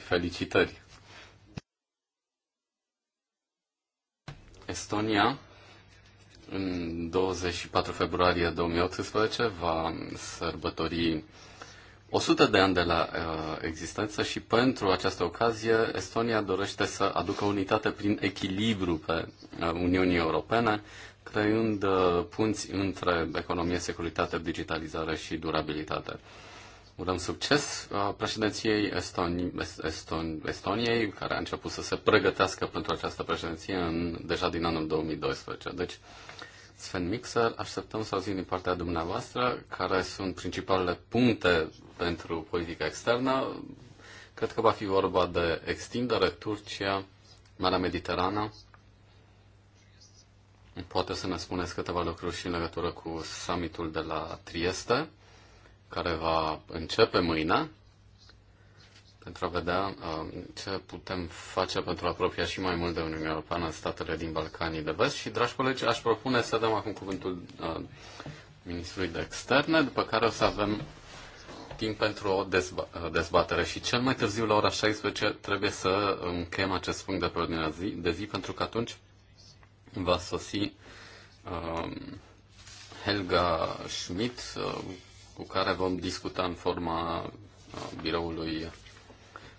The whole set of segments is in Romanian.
felicitări. Estonia, în 24 februarie 2018, va sărbători 100 de ani de la uh, existență și pentru această ocazie Estonia dorește să aducă unitate prin echilibru pe uh, Uniunii Europene, creând uh, punți între economie, securitate, digitalizare și durabilitate. Urăm succes uh, președinției Estoniei, care a început să se pregătească pentru această președinție în, deja din anul 2012. Deci, Sven Mixer, așteptăm să auzim din partea dumneavoastră care sunt principalele puncte pentru politica externă. Cred că va fi vorba de extindere, Turcia, Marea Mediterană. Poate să ne spuneți câteva lucruri și în legătură cu summitul de la Trieste care va începe mâine pentru a vedea uh, ce putem face pentru a apropia și mai mult de Uniunea Europeană statele din Balcanii de Vest. Și, dragi colegi, aș propune să dăm acum cuvântul uh, Ministrului de Externe, după care o să avem timp pentru o dezba- uh, dezbatere și cel mai târziu la ora 16 trebuie să încheiem acest punct de pe ordinea zi, de zi pentru că atunci va sosi uh, Helga Schmidt, cu care vom discuta în forma uh, biroului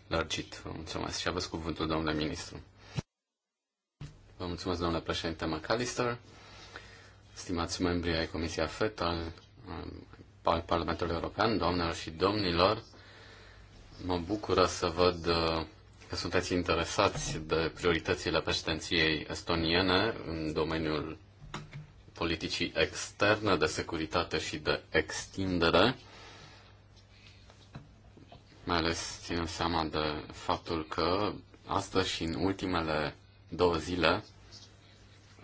lărgit. Vă mulțumesc și aveți cuvântul, domnule ministru. Vă mulțumesc, domnule președinte McAllister, stimați membri ai Comisia FET al, al Parlamentului European, doamnelor și domnilor, mă bucură să văd uh, că sunteți interesați de prioritățile președinției estoniene în domeniul politicii externe de securitate și de extindere, mai ales ținând seama de faptul că astăzi și în ultimele două zile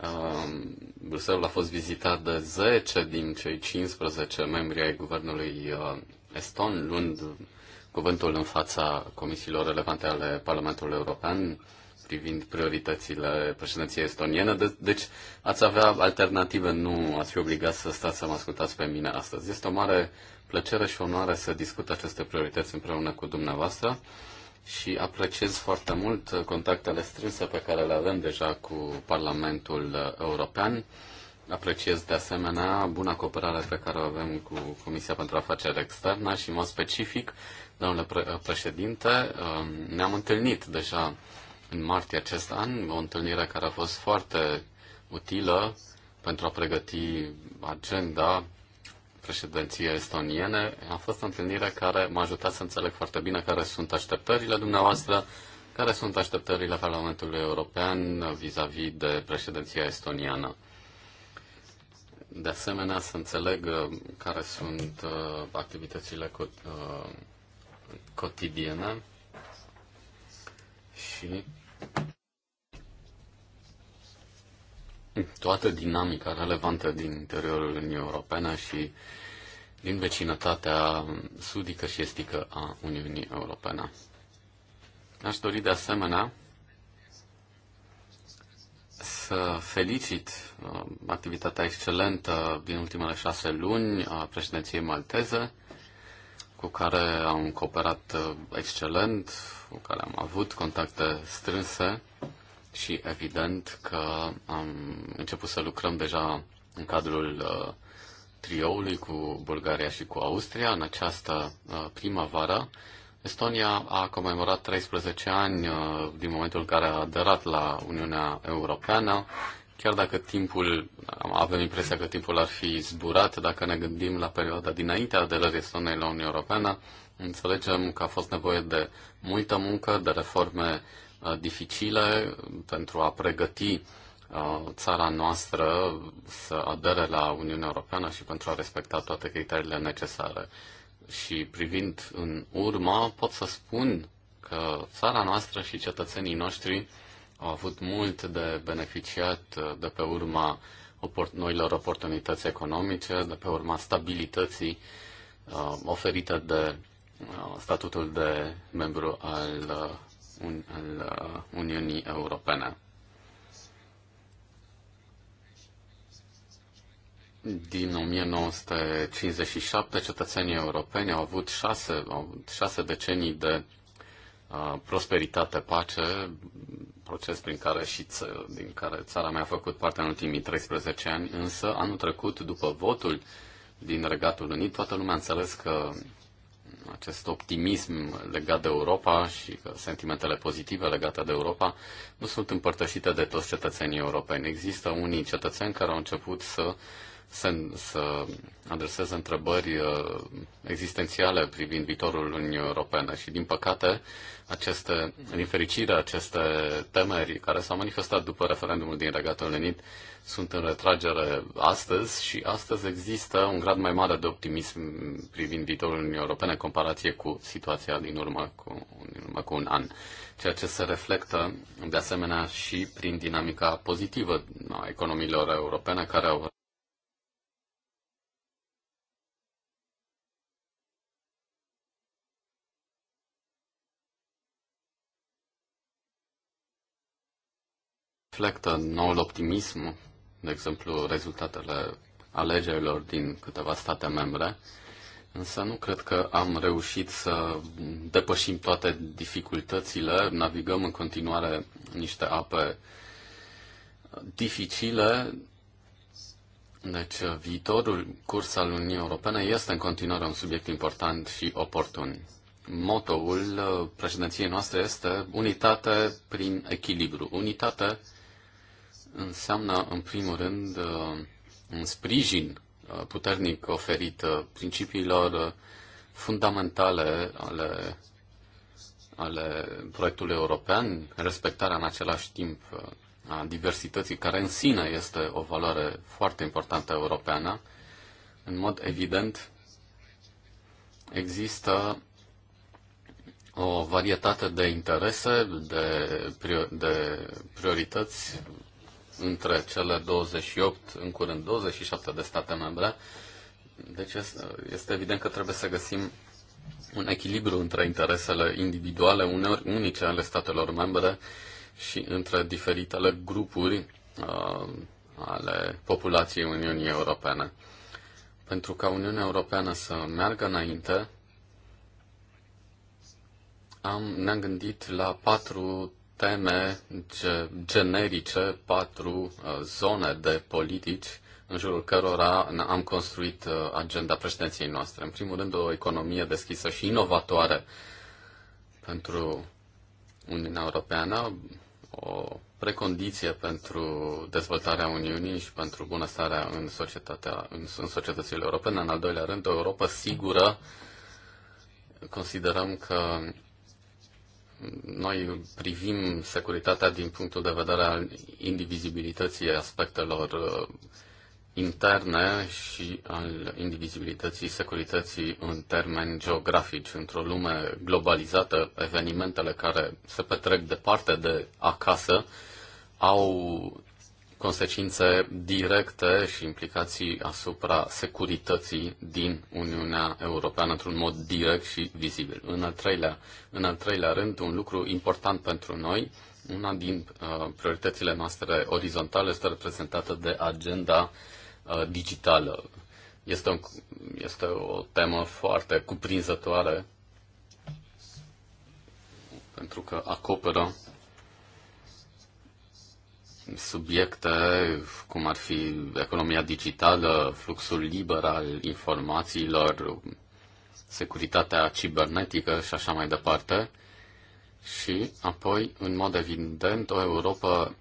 um, Bruxelles a fost vizitat de 10 din cei 15 membri ai guvernului uh, eston, luând cuvântul în fața comisiilor relevante ale Parlamentului European, privind prioritățile președinției estoniene, de- deci ați avea alternative, nu ați fi obligat să stați să mă ascultați pe mine astăzi. Este o mare plăcere și onoare să discut aceste priorități împreună cu dumneavoastră și apreciez foarte mult contactele strânse pe care le avem deja cu Parlamentul European. Apreciez de asemenea buna cooperare pe care o avem cu Comisia pentru Afaceri Externe și, în mod specific, domnule președinte, um, ne-am întâlnit deja în martie acest an, o întâlnire care a fost foarte utilă pentru a pregăti agenda președinției estoniene. A fost o întâlnire care m-a ajutat să înțeleg foarte bine care sunt așteptările dumneavoastră, care sunt așteptările Parlamentului European vis-a-vis -vis de președinția estoniană. De asemenea, să înțeleg uh, care sunt uh, activitățile uh, cotidiene și toată dinamica relevantă din interiorul Uniunii Europene și din vecinătatea sudică și estică a Uniunii Europene. Aș dori de asemenea să felicit uh, activitatea excelentă din ultimele șase luni a președinției malteze, cu care am cooperat uh, excelent, cu care am avut contacte strânse și evident că am început să lucrăm deja în cadrul uh, trioului cu Bulgaria și cu Austria în această uh, primăvară. Estonia a comemorat 13 ani uh, din momentul în care a aderat la Uniunea Europeană, chiar dacă timpul, avem impresia că timpul ar fi zburat, dacă ne gândim la perioada dinaintea aderării Estoniei la Uniunea Europeană, Înțelegem că a fost nevoie de multă muncă, de reforme uh, dificile pentru a pregăti uh, țara noastră să adere la Uniunea Europeană și pentru a respecta toate criteriile necesare. Și privind în urmă, pot să spun că țara noastră și cetățenii noștri au avut mult de beneficiat uh, de pe urma noilor oportunități economice, de pe urma stabilității oferită de statutul de membru al, un, al Uniunii Europene. Din 1957, cetățenii europeni au avut șase, au avut șase decenii de uh, prosperitate, pace, proces prin care și ță, din care țara mea a făcut parte în ultimii 13 ani, însă anul trecut, după votul din Regatul Unit, toată lumea a înțeles că acest optimism legat de Europa și sentimentele pozitive legate de Europa nu sunt împărtășite de toți cetățenii europeni. Există unii cetățeni care au început să uh, să, să adreseze întrebări uh, existențiale privind viitorul Uniunii Europene și, din păcate, aceste, în fericire, aceste temeri care s-au manifestat după referendumul din Regatul Unit sunt în retragere astăzi și astăzi există un grad mai mare de optimism privind viitorul Uniunii Europene în comparație cu situația din urmă cu, din urmă cu un an, ceea ce se reflectă de asemenea și prin dinamica pozitivă a economiilor europene care au reflectă noul optimism, de exemplu, rezultatele alegerilor din câteva state membre, însă nu cred că am reușit să depășim toate dificultățile, navigăm în continuare niște ape dificile, deci viitorul curs al Uniunii Europene este în continuare un subiect important și oportun. Motoul uh, președinției noastre este unitate prin echilibru, unitate înseamnă, în primul rând, uh, un sprijin uh, puternic oferit uh, principiilor fundamentale ale, ale proiectului european, respectarea în același timp a diversității, care în sine este o valoare foarte importantă europeană. În mod evident, există o varietate de interese, de, prior, de priorități între cele 28, în curând 27 de state membre. Deci este evident că trebuie să găsim un echilibru între interesele individuale, uneori unice ale statelor membre și între diferitele grupuri uh, ale populației Uniunii Europene. Pentru ca Uniunea Europeană să meargă înainte, am, ne-am gândit la patru teme generice, patru uh, zone de politici în jurul cărora am construit uh, agenda președinției noastre. În primul rând, o economie deschisă și inovatoare pentru Uniunea Europeană, o precondiție pentru dezvoltarea Uniunii și pentru bunăstarea în, societatea, în, în societățile europene. În al doilea rând, o Europa sigură. Considerăm că noi privim securitatea din punctul de vedere al indivizibilității aspectelor uh, interne și al indivizibilității securității în termeni geografici. Într-o lume globalizată, evenimentele care se petrec departe de acasă au consecințe directe și implicații asupra securității din Uniunea Europeană într-un mod direct și vizibil. În al treilea, în al treilea rând, un lucru important pentru noi, una din uh, prioritățile noastre orizontale este reprezentată de agenda uh, digitală. Este, un, este o temă foarte cuprinzătoare pentru că acoperă subiecte cum ar fi economia digitală, fluxul liber al informațiilor, securitatea cibernetică și așa mai departe. Și apoi, în mod evident, o Europa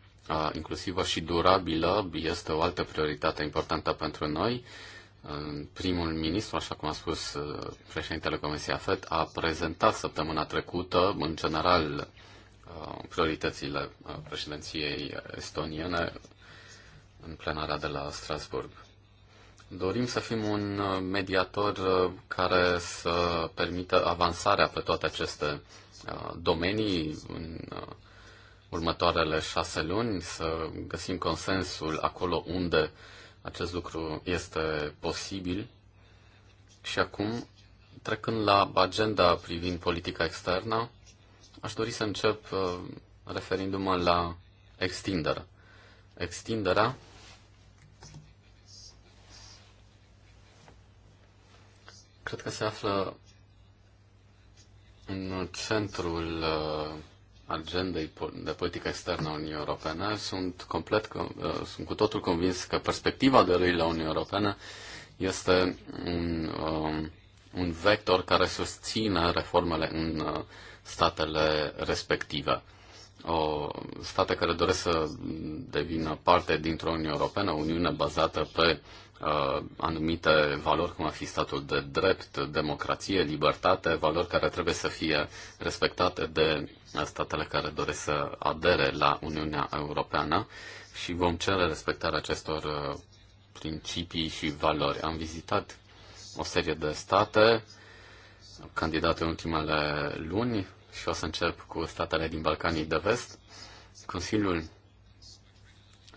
inclusivă și durabilă este o altă prioritate importantă pentru noi. Primul ministru, așa cum a spus președintele Comisiei AFET, a prezentat săptămâna trecută, în general, prioritățile uh, președinției estoniene în plenara de la Strasburg. Dorim să fim un uh, mediator uh, care să permită avansarea pe toate aceste domenii în următoarele șase luni, să găsim consensul acolo unde acest lucru este posibil. Și acum, trecând la agenda privind politica externă, Aș dori să încep uh, referindu-mă la extindere. Extinderea cred că se află în centrul uh, agendei de politică externă a Uniunii Europene. Sunt complet, uh, sunt cu totul convins că perspectiva de lui la Uniunea Europeană este un, um, un vector care susține reformele în statele respective. O, state care doresc să devină parte dintr-o Uniune Europeană, o Uniune bazată pe uh, anumite valori, cum ar fi statul de drept, democrație, libertate, valori care trebuie să fie respectate de statele care doresc să adere la Uniunea Europeană și vom cere respectarea acestor uh, principii și valori. Am vizitat o serie de state candidate în ultimele luni, și o să încep cu statele din Balcanii de Vest. Consiliul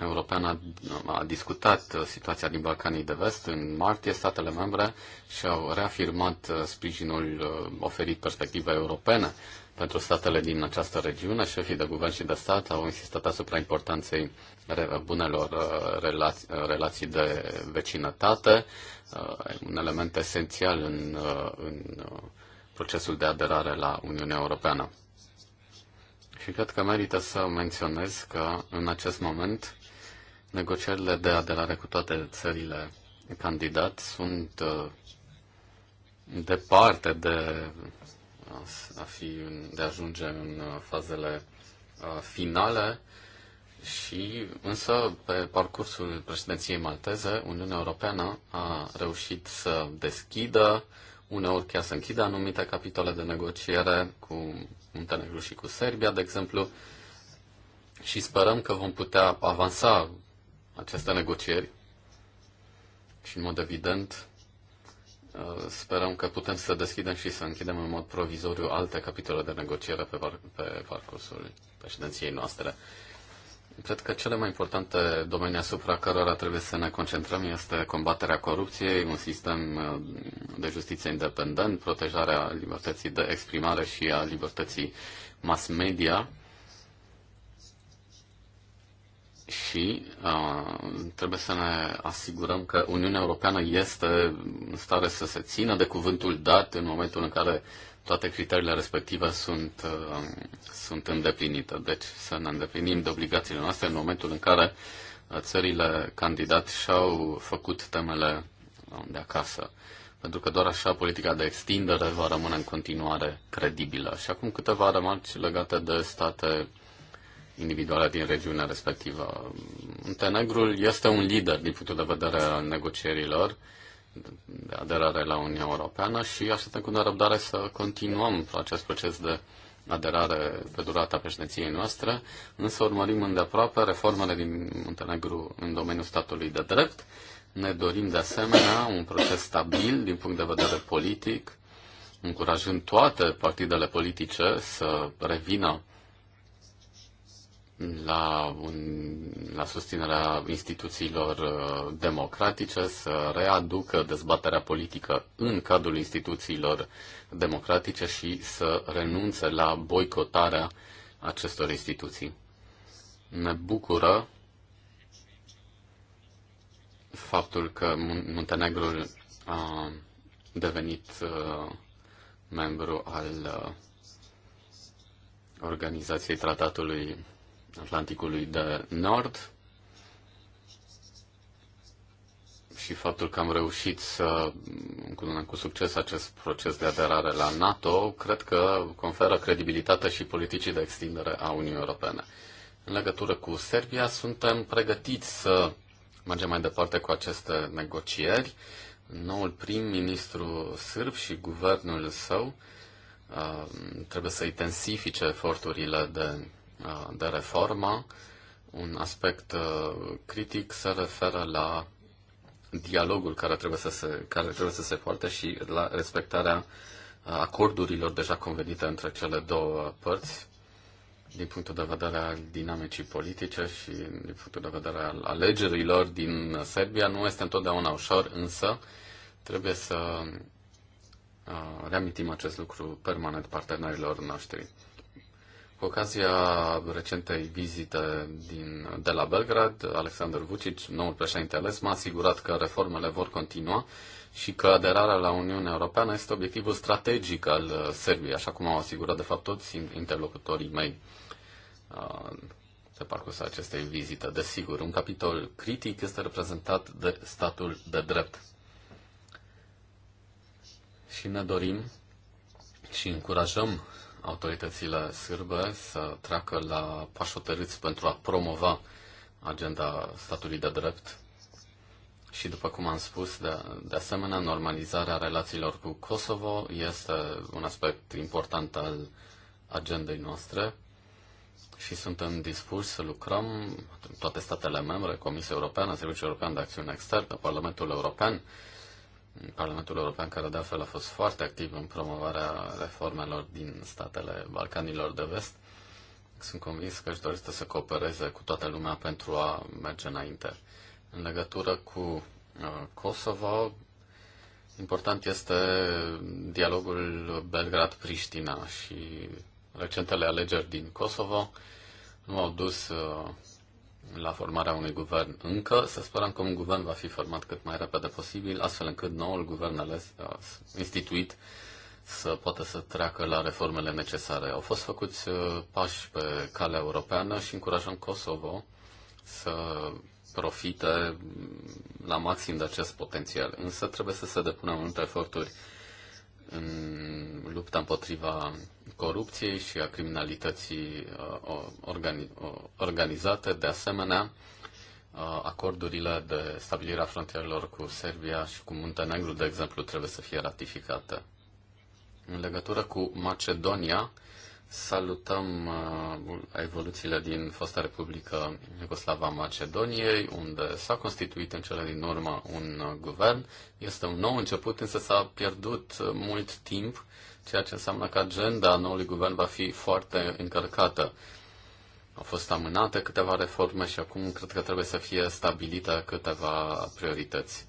European a, a discutat uh, situația din Balcanii de Vest în martie. Statele membre și-au reafirmat uh, sprijinul uh, oferit perspectiva europene pentru statele din această regiune. Șefii de guvern și de stat au insistat asupra importanței bunelor relații, relații de vecinătate, un element esențial în, în procesul de aderare la Uniunea Europeană. Și cred că merită să menționez că în acest moment negocierile de aderare cu toate țările candidat sunt uh, departe de uh, a fi, de a ajunge în uh, fazele finale și însă pe parcursul președinției malteze Uniunea Europeană a reușit să deschidă Uneori chiar se închide anumite capitole de negociere cu Muntenegru și cu Serbia, de exemplu, și sperăm că vom putea avansa aceste negocieri și, în mod evident, uh, sperăm că putem să deschidem și să închidem în mod provizoriu alte capitole de negociere pe, par- pe parcursul președinției noastre. Cred că cele mai importante domenii asupra cărora trebuie să ne concentrăm este combaterea corupției, un sistem uh, de justiție independent, protejarea libertății de exprimare și a libertății mass media și uh, trebuie să ne asigurăm că Uniunea Europeană este în stare să se țină de cuvântul dat în momentul în care uh, toate criteriile respective sunt, um, sunt îndeplinite. Deci să ne îndeplinim de obligațiile noastre în momentul în care uh, țările candidat și-au făcut temele um, de acasă. Pentru că doar așa politica de extindere va rămâne în continuare credibilă. Și acum câteva remarci legate de state individuale din regiunea respectivă. Muntenegrul este un lider din punctul de vedere al negocierilor de aderare la Uniunea Europeană și așteptăm cu nerăbdare să continuăm acest proces de aderare pe durata președinției noastre, însă urmărim îndeaproape reformele din Muntenegru în domeniul statului de drept. Ne dorim de asemenea un proces stabil din punct de vedere politic, încurajând toate partidele politice să revină la, un, la susținerea instituțiilor uh, democratice, să readucă dezbaterea politică în cadrul instituțiilor democratice și să renunțe la boicotarea acestor instituții. Ne bucură faptul că Muntenegrul a devenit uh, membru al uh, organizației tratatului Atlanticului de Nord și faptul că am reușit să încununăm cu succes acest proces de aderare la NATO, cred că conferă credibilitate și politicii de extindere a Uniunii Europene. În legătură cu Serbia, suntem pregătiți să mergem mai departe cu aceste negocieri. Noul prim-ministru sârb și guvernul său uh, trebuie să intensifice eforturile de de reformă. Un aspect uh, critic se referă la dialogul care trebuie să se, care trebuie să se poarte și la respectarea uh, acordurilor deja convenite între cele două părți, din punctul de vedere al dinamicii politice și din punctul de vedere al alegerilor din Serbia. Nu este întotdeauna ușor, însă trebuie să uh, reamintim acest lucru permanent partenerilor noștri. Cu ocazia recentei vizite din, de la Belgrad, Alexander Vucic, noul președinte ales, m-a asigurat că reformele vor continua și că aderarea la Uniunea Europeană este obiectivul strategic al uh, Serbiei, așa cum au asigurat de fapt toți interlocutorii mei uh, pe parcursul acestei vizite. Desigur, un capitol critic este reprezentat de statul de drept. Și ne dorim și încurajăm autoritățile sârbe să treacă la pași hotărâți pentru a promova agenda statului de drept și, după cum am spus, de, de asemenea, normalizarea relațiilor cu Kosovo este un aspect important al agendei noastre și suntem dispuși să lucrăm toate statele membre, Comisia Europeană, Serviciul European de Acțiune Externă, Parlamentul European, Parlamentul European, care de altfel a fost foarte activ în promovarea reformelor din statele Balcanilor de Vest, sunt convins că își dorește să coopereze cu toată lumea pentru a merge înainte. În legătură cu uh, Kosovo, important este dialogul Belgrad-Priștina și recentele alegeri din Kosovo nu au dus uh, la formarea unui guvern încă. Să sperăm că un guvern va fi format cât mai repede posibil, astfel încât noul guvern ales, uh, instituit să poată să treacă la reformele necesare. Au fost făcuți uh, pași pe calea europeană și încurajăm Kosovo să profite la maxim de acest potențial. Însă trebuie să se depună multe eforturi în lupta împotriva corupției și a criminalității uh, organizate. De asemenea, uh, acordurile de stabilire a frontierelor cu Serbia și cu Muntenegru, de exemplu, trebuie să fie ratificate. În legătură cu Macedonia, Salutăm uh, evoluțiile din fosta Republică Iugoslava Macedoniei, unde s-a constituit în cele din urmă un uh, guvern. Este un nou început, însă s-a pierdut uh, mult timp, ceea ce înseamnă că agenda noului guvern va fi foarte încărcată. Au fost amânate câteva reforme și acum cred că trebuie să fie stabilite câteva priorități.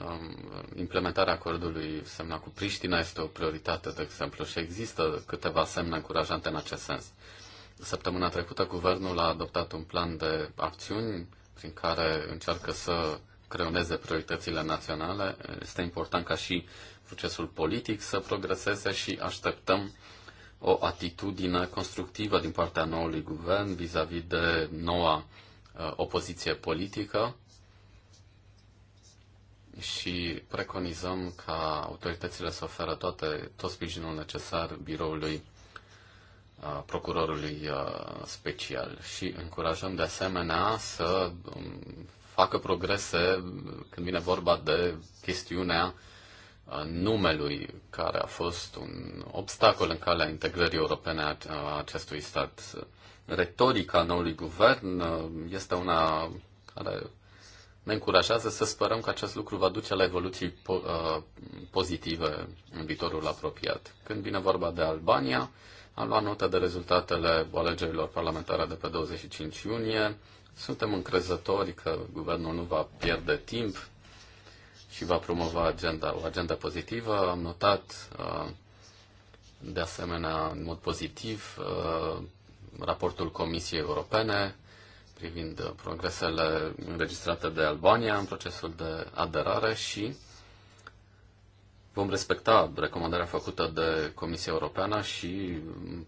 Um, implementarea acordului semnat cu Priștina este o prioritate, de exemplu, și există câteva semne încurajante în acest sens. Săptămâna trecută, guvernul a adoptat un plan de acțiuni prin care încearcă să creioneze prioritățile naționale. Este important ca și procesul politic să progreseze și așteptăm o atitudine constructivă din partea noului guvern vis-a-vis -vis de noua uh, opoziție politică și preconizăm ca autoritățile să oferă toate, tot sprijinul necesar biroului procurorului special și încurajăm de asemenea să um, facă progrese când vine vorba de chestiunea numelui care a fost un obstacol în calea integrării europene a acestui stat. Retorica noului guvern este una care ne încurajează să sperăm că acest lucru va duce la evoluții po- uh, pozitive în viitorul apropiat. Când vine vorba de Albania, am luat notă de rezultatele alegerilor parlamentare de pe 25 iunie. Suntem încrezători că guvernul nu va pierde timp și va promova agenda, o agenda pozitivă. Am notat uh, de asemenea în mod pozitiv uh, raportul Comisiei Europene privind progresele înregistrate de Albania în procesul de aderare și vom respecta recomandarea făcută de Comisia Europeană și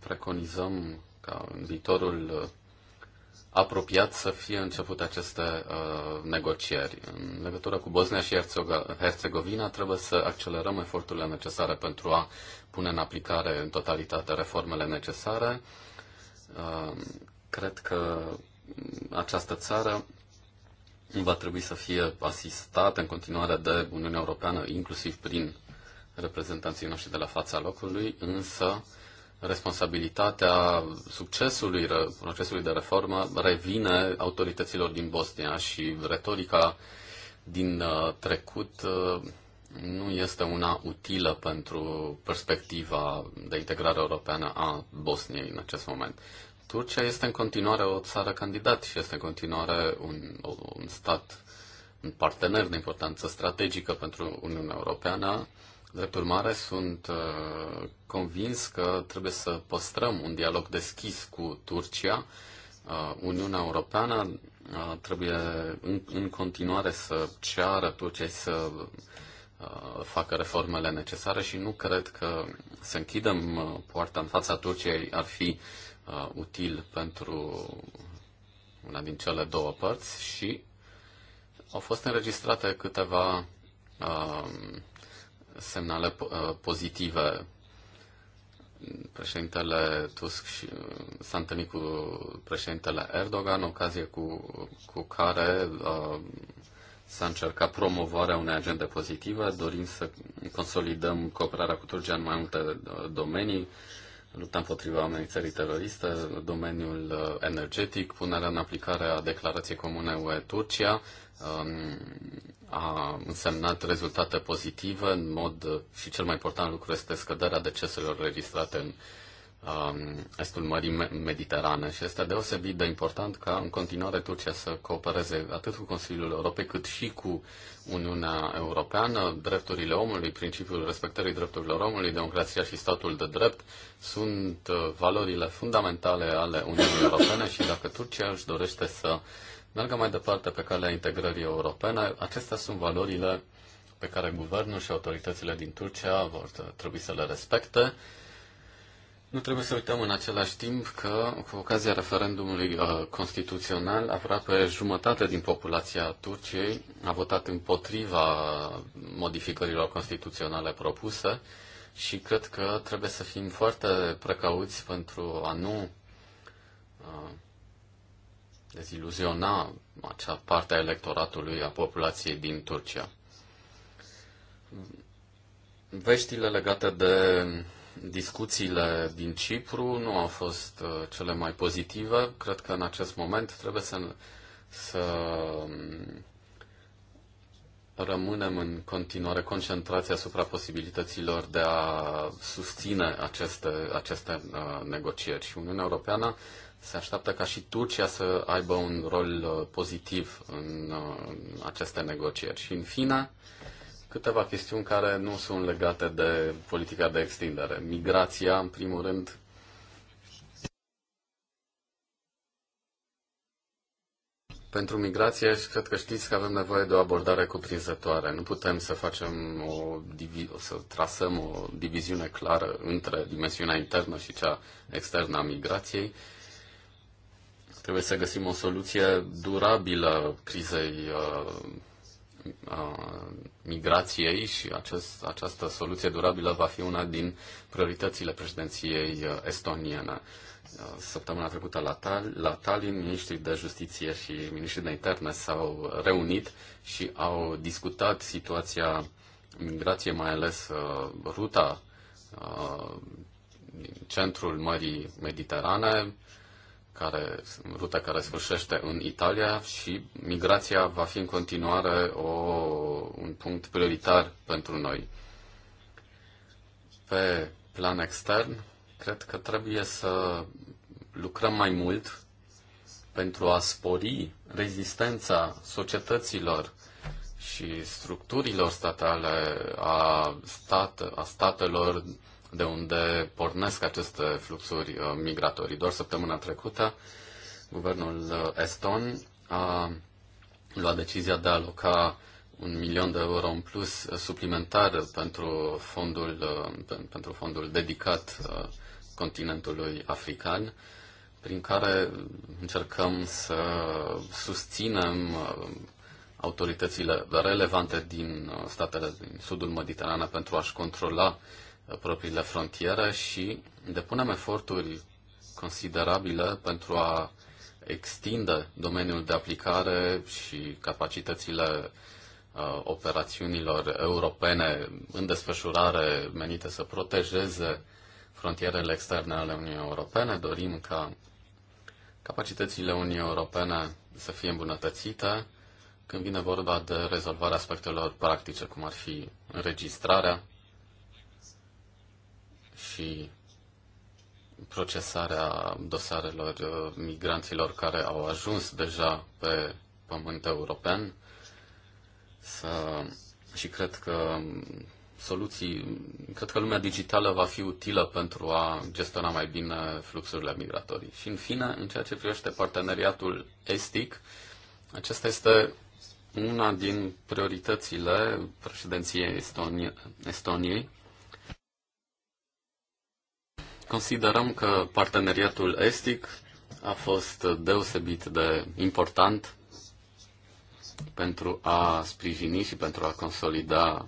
preconizăm ca în viitorul apropiat să fie început aceste uh, negocieri. În legătură cu Bosnia și Herțegovina trebuie să accelerăm eforturile necesare pentru a pune în aplicare în totalitate reformele necesare. Uh, cred că această țară va trebui să fie asistată în continuare de Uniunea Europeană, inclusiv prin reprezentanții noștri de la fața locului, însă responsabilitatea succesului procesului de reformă revine autorităților din Bosnia și retorica din uh, trecut uh, nu este una utilă pentru perspectiva de integrare europeană a Bosniei în acest moment. Turcia este în continuare o țară candidat și este în continuare un, un stat, un partener de importanță strategică pentru Uniunea Europeană. Drept urmare, sunt uh, convins că trebuie să păstrăm un dialog deschis cu Turcia. Uh, Uniunea Europeană uh, trebuie în, în continuare să ceară Turciei să facă reformele necesare și nu cred că să închidem poarta în fața Turciei ar fi uh, util pentru una din cele două părți și au fost înregistrate câteva uh, semnale uh, pozitive. Președintele Tusk și, uh, s-a întâlnit cu președintele Erdogan, ocazie cu, cu care uh, s-a încercat promovarea unei agende pozitive, dorim să consolidăm cooperarea cu Turcia în mai multe uh, domenii, uh, lupta împotriva amenințării teroriste, domeniul uh, energetic, punerea în aplicare a declarației comune UE-Turcia, um, a însemnat rezultate pozitive în mod uh, și cel mai important lucru este scăderea deceselor registrate în Um, estul Mării Mediterane și este deosebit de important ca în continuare Turcia să coopereze atât cu Consiliul Europei cât și cu Uniunea Europeană. Drepturile omului, principiul respectării drepturilor omului, democrația și statul de drept sunt uh, valorile fundamentale ale Uniunii Europene și dacă Turcia își dorește să meargă mai departe pe calea integrării europene, acestea sunt valorile pe care guvernul și autoritățile din Turcia vor uh, trebui să le respecte nu trebuie să uităm în același timp că, cu ocazia referendumului uh, constituțional, aproape jumătate din populația Turciei a votat împotriva modificărilor constituționale propuse și cred că trebuie să fim foarte precauți pentru a nu uh, deziluziona acea parte a electoratului, a populației din Turcia. Veștile legate de discuțiile din Cipru nu au fost uh, cele mai pozitive. Cred că în acest moment trebuie să, să um, rămânem în continuare concentrați asupra posibilităților de a susține aceste, aceste uh, negocieri. Și Uniunea Europeană se așteaptă ca și Turcia să aibă un rol uh, pozitiv în aceste negocieri. Și în fine, câteva chestiuni care nu sunt legate de politica de extindere. Migrația, în primul rând, Pentru migrație, cred că știți că avem nevoie de o abordare cuprinzătoare. Nu putem să facem o să trasăm o diviziune clară între dimensiunea internă și cea externă a migrației. Trebuie să găsim o soluție durabilă crizei uh, migrației și acest, această soluție durabilă va fi una din prioritățile președinției estoniene. Săptămâna trecută la, Tal- la Tallinn, ministrii de justiție și ministrii de interne s-au reunit și au discutat situația migrației, mai ales uh, ruta uh, din centrul Mării Mediterane, care, ruta care sfârșește în Italia și migrația va fi în continuare o, un punct prioritar pentru noi. Pe plan extern, cred că trebuie să lucrăm mai mult pentru a spori rezistența societăților și structurilor statale a, stat, a statelor de unde pornesc aceste fluxuri uh, migratorii. Doar săptămâna trecută, guvernul uh, eston a luat decizia de a aloca un milion de euro în plus uh, suplimentar pentru fondul, pentru fondul dedicat continentului african, prin care încercăm să susținem autoritățile relevante din statele din sudul Mediteranei pentru a-și controla propriile frontiere și depunem eforturi considerabile pentru a extinde domeniul de aplicare și capacitățile uh, operațiunilor europene în desfășurare menite să protejeze frontierele externe ale Uniunii Europene. Dorim ca capacitățile Uniunii Europene să fie îmbunătățite când vine vorba de rezolvarea aspectelor practice, cum ar fi înregistrarea și procesarea dosarelor uh, migranților care au ajuns deja pe pământ european. Să, și cred că soluții, cred că lumea digitală va fi utilă pentru a gestiona mai bine fluxurile migratorii. Și în fine, în ceea ce privește parteneriatul estic, acesta este una din prioritățile președinției Estonie, Estoniei Considerăm că parteneriatul estic a fost deosebit de important pentru a sprijini și pentru a consolida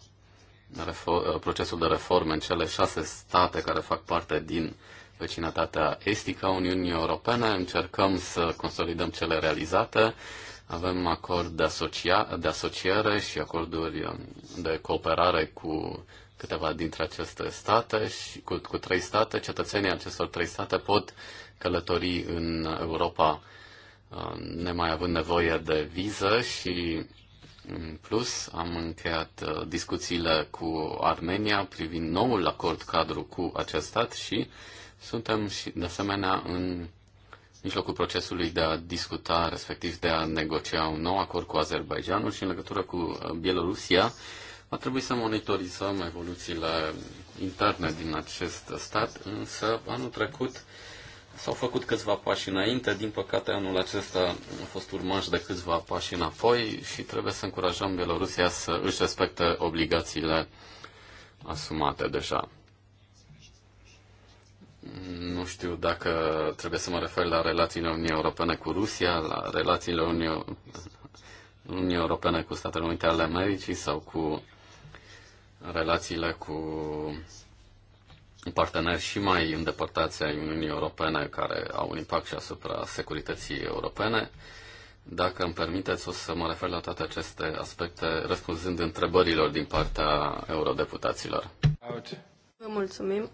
procesul de reforme în cele șase state care fac parte din vecinătatea estică a Uniunii Europene. Încercăm să consolidăm cele realizate. Avem acord de, asocia- de asociere și acorduri de cooperare cu câteva dintre aceste state și cu, cu trei state, cetățenii acestor trei state pot călători în Europa uh, nemai având nevoie de viză și în plus am încheiat uh, discuțiile cu Armenia privind noul acord cadru cu acest stat și suntem și de asemenea în mijlocul procesului de a discuta, respectiv de a negocia un nou acord cu Azerbaijanul și în legătură cu uh, Bielorusia, Va trebui să monitorizăm evoluțiile interne din acest stat, însă anul trecut s-au făcut câțiva pași înainte, din păcate anul acesta a fost urmaș de câțiva pași înapoi și trebuie să încurajăm Belarusia să își respecte obligațiile asumate deja. Nu știu dacă trebuie să mă refer la relațiile Uniunii Europene cu Rusia, la relațiile Uniunii Europene cu Statele Unite ale Americii sau cu relațiile cu parteneri și mai îndepărtați ai Uniunii Europene care au un impact și asupra securității europene. Dacă îmi permiteți, o să mă refer la toate aceste aspecte răspunzând întrebărilor din partea eurodeputaților. Vă mulțumim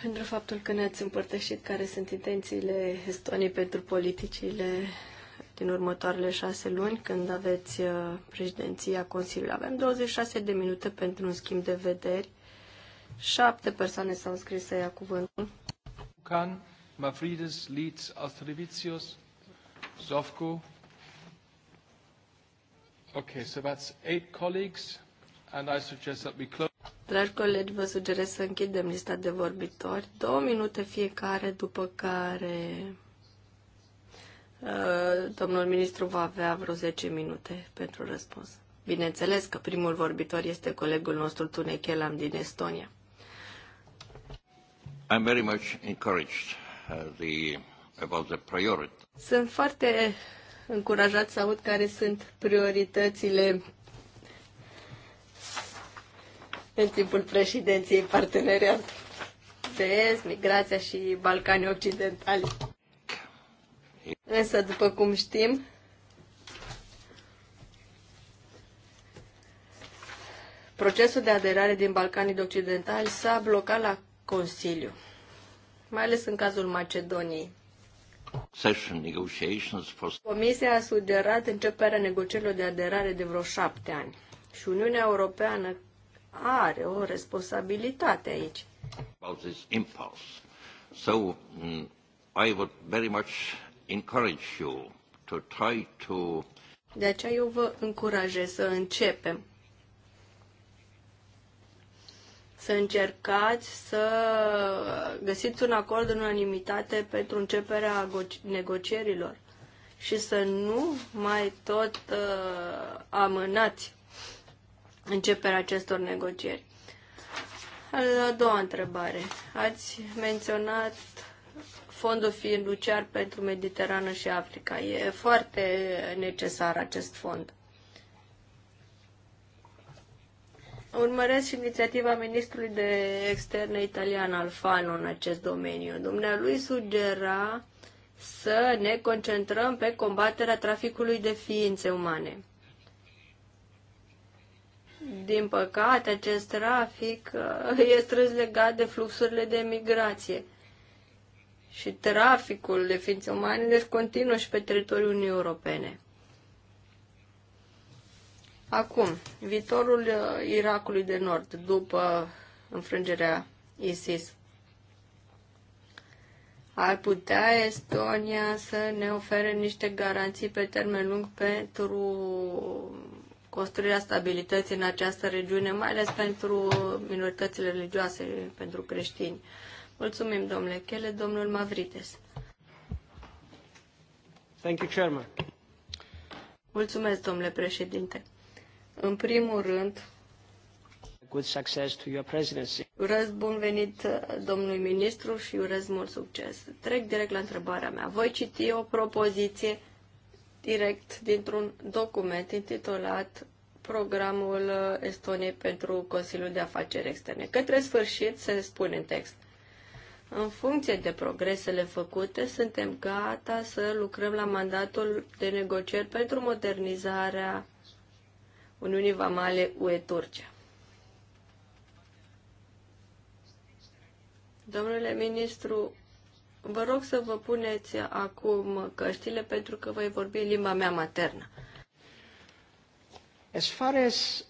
pentru faptul că ne-ați împărtășit care sunt intențiile Estoniei pentru politicile din următoarele șase luni, când aveți uh, președinția Consiliului. Avem 26 de minute pentru un schimb de vederi. Șapte persoane s-au scris să ia cuvântul. Can, Mafridis, Leeds, Astrivicius, Zofko. Ok, so that's eight colleagues, and I suggest that we close. Dragi colegi, vă sugerez să închidem lista de vorbitori. Două minute fiecare, după care Uh, domnul ministru va avea vreo 10 minute pentru răspuns. Bineînțeles că primul vorbitor este colegul nostru Kelam din Estonia. I'm very much encouraged uh, the, about the priority. Sunt foarte încurajat să aud care sunt prioritățile în timpul președinției parteneriat de migrația și Balcanii Occidentali. Însă, după cum știm, procesul de aderare din Balcanii de Occidentali s-a blocat la Consiliu, mai ales în cazul Macedoniei. Comisia a sugerat începerea negocierilor de aderare de vreo șapte ani și Uniunea Europeană are o responsabilitate aici. About this impulse. So, mm, I would very much de aceea eu vă încurajez să începem. Să încercați să găsiți un acord în unanimitate pentru începerea negocierilor și să nu mai tot uh, amânați începerea acestor negocieri. A doua întrebare. Ați menționat fondul fiduciar pentru Mediterană și Africa. E foarte necesar acest fond. Urmăresc și inițiativa ministrului de externe italian Alfano în acest domeniu. Dumnealui sugera să ne concentrăm pe combaterea traficului de ființe umane. Din păcate, acest trafic uh, e strâns legat de fluxurile de migrație și traficul de ființe umane deci continuă și pe teritoriul Uniunii Europene. Acum, viitorul uh, Irakului de Nord după înfrângerea ISIS. Ar putea Estonia să ne ofere niște garanții pe termen lung pentru construirea stabilității în această regiune, mai ales pentru minoritățile religioase, pentru creștini. Uh, Mulțumim, domnule Chele, domnul Mavrides. Thank you, Chairman. Mulțumesc, domnule președinte. În primul rând, good success to your presidency. Urez bun venit uh, domnului ministru și urez mult succes. Trec direct la întrebarea mea. Voi citi o propoziție direct dintr-un document intitulat Programul uh, Estoniei pentru Consiliul de Afaceri Externe. Către sfârșit se spune în text. În funcție de progresele făcute, suntem gata să lucrăm la mandatul de negocieri pentru modernizarea Uniunii Vamale UE-Turcia. Domnule ministru, vă rog să vă puneți acum căștile pentru că voi vorbi în limba mea maternă. As far as